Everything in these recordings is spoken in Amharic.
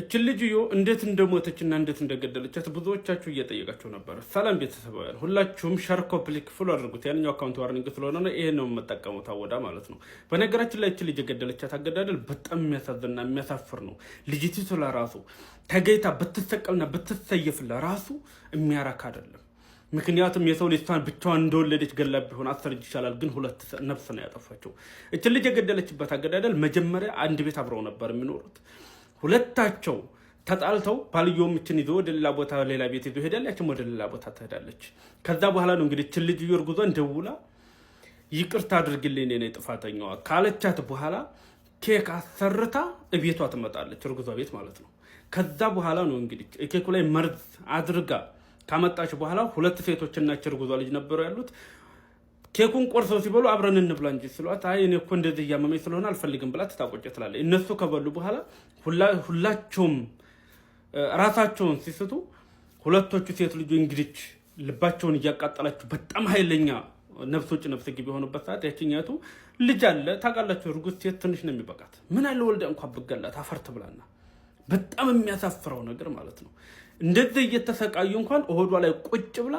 እችን ልጅዮ እንዴት እንደሞተችና እንዴት እንደገደለቻት ብዙዎቻችሁ እየጠየቃችሁ ነበር። ሰላም ቤተሰባውያን ሁላችሁም ሸር፣ ኮፒ ሊንክ፣ አድርጉት። ያንኛው አካውንት ዋርኒንግ ስለሆነ ነው ይሄ ነው የምጠቀመው። ታወዳ ማለት ነው። በነገራችን ላይ እችን ልጅ የገደለቻት አገዳደል በጣም የሚያሳዝንና የሚያሳፍር ነው። ልጅቲቱ ለራሱ ተገይታ ብትሰቀልና ብትሰየፍ ለራሱ የሚያረካ አይደለም። ምክንያቱም የሰው ልጅ እሷን ብቻዋን እንደወለደች ገላ ቢሆን አስር ልጅ ይሻላል፣ ግን ሁለት ነፍስ ነው ያጠፋቸው። እችን ልጅ የገደለችበት አገዳደል መጀመሪያ አንድ ቤት አብረው ነበር የሚኖሩት ሁለታቸው ተጣልተው ባልየውም እችን ይዞ ወደ ሌላ ቦታ ሌላ ቤት ይዞ ሄዳል። ያችም ወደ ሌላ ቦታ ትሄዳለች። ከዛ በኋላ ነው እንግዲህ እችን ልጅ እየወርጉዟን ደውላ ይቅርታ አድርግልኝ ነ ጥፋተኛዋ ካለቻት በኋላ ኬክ አሰርታ እቤቷ ትመጣለች፣ እርጉዟ ቤት ማለት ነው። ከዛ በኋላ ነው እንግዲህ ኬኩ ላይ መርዝ አድርጋ ካመጣች በኋላ ሁለት ሴቶች እርጉዟ ልጅ ነበሩ ያሉት ኬኩን ቆርሰው ሲበሉ አብረን እንብላ እንጂ ስሏት፣ አይ እኔ እኮ እንደዚህ እያመመኝ ስለሆነ አልፈልግም ብላ ትታቆጭ ትላለች። እነሱ ከበሉ በኋላ ሁላቸውም ራሳቸውን ሲስቱ፣ ሁለቶቹ ሴት ልጁ እንግዲች ልባቸውን እያቃጠላችሁ በጣም ኃይለኛ ነፍስ ውጭ ነፍስ ግቢ የሆኑበት ሰዓት ያችኛቱ ልጅ አለ ታውቃላችሁ፣ እርጉዝ ሴት ትንሽ ነው የሚበቃት። ምን አለ ወልዳ እንኳ ብገላት አፈርት ብላና፣ በጣም የሚያሳፍረው ነገር ማለት ነው። እንደዚህ እየተሰቃዩ እንኳን እሆዷ ላይ ቁጭ ብላ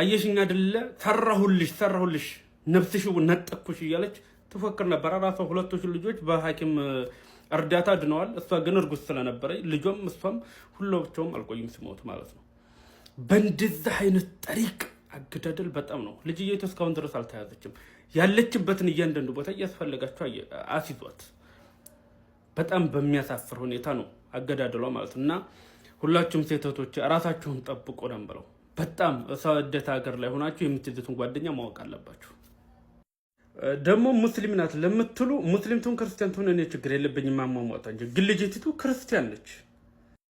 አየሽኛ ድለ ሰራሁልሽ ተራሁልሽ ነፍስሽ ነጠኩሽ እያለች ትፎክር ነበር። ራሷ ሁለቶችን ልጆች በሐኪም እርዳታ ድነዋል። እሷ ግን እርጉዝ ስለነበረ ልጇም እሷም ሁላቸውም አልቆዩም ሲሞቱ ማለት ነው። በእንደዚህ አይነት ጠሪቅ አገዳደል በጣም ነው። ልጅየቱ እስካሁን ድረስ አልተያዘችም። ያለችበትን እያንዳንዱ ቦታ እያስፈለጋቸው አስይዟት። በጣም በሚያሳፍር ሁኔታ ነው አገዳደሏ ማለት ነው። እና ሁላችሁም ሴቶቶች ራሳችሁን ጠብቁ ነው ብለው በጣም ሰደት ሀገር ላይ ሆናችሁ የምትሄዱትን ጓደኛ ማወቅ አለባችሁ። ደግሞ ሙስሊም ናት ለምትሉ ሙስሊም ትሁን ክርስቲያን ትሁን እኔ ችግር የለብኝም። ማሟሟጣ እንጂ ግን ልጅቲቱ ክርስቲያን ነች።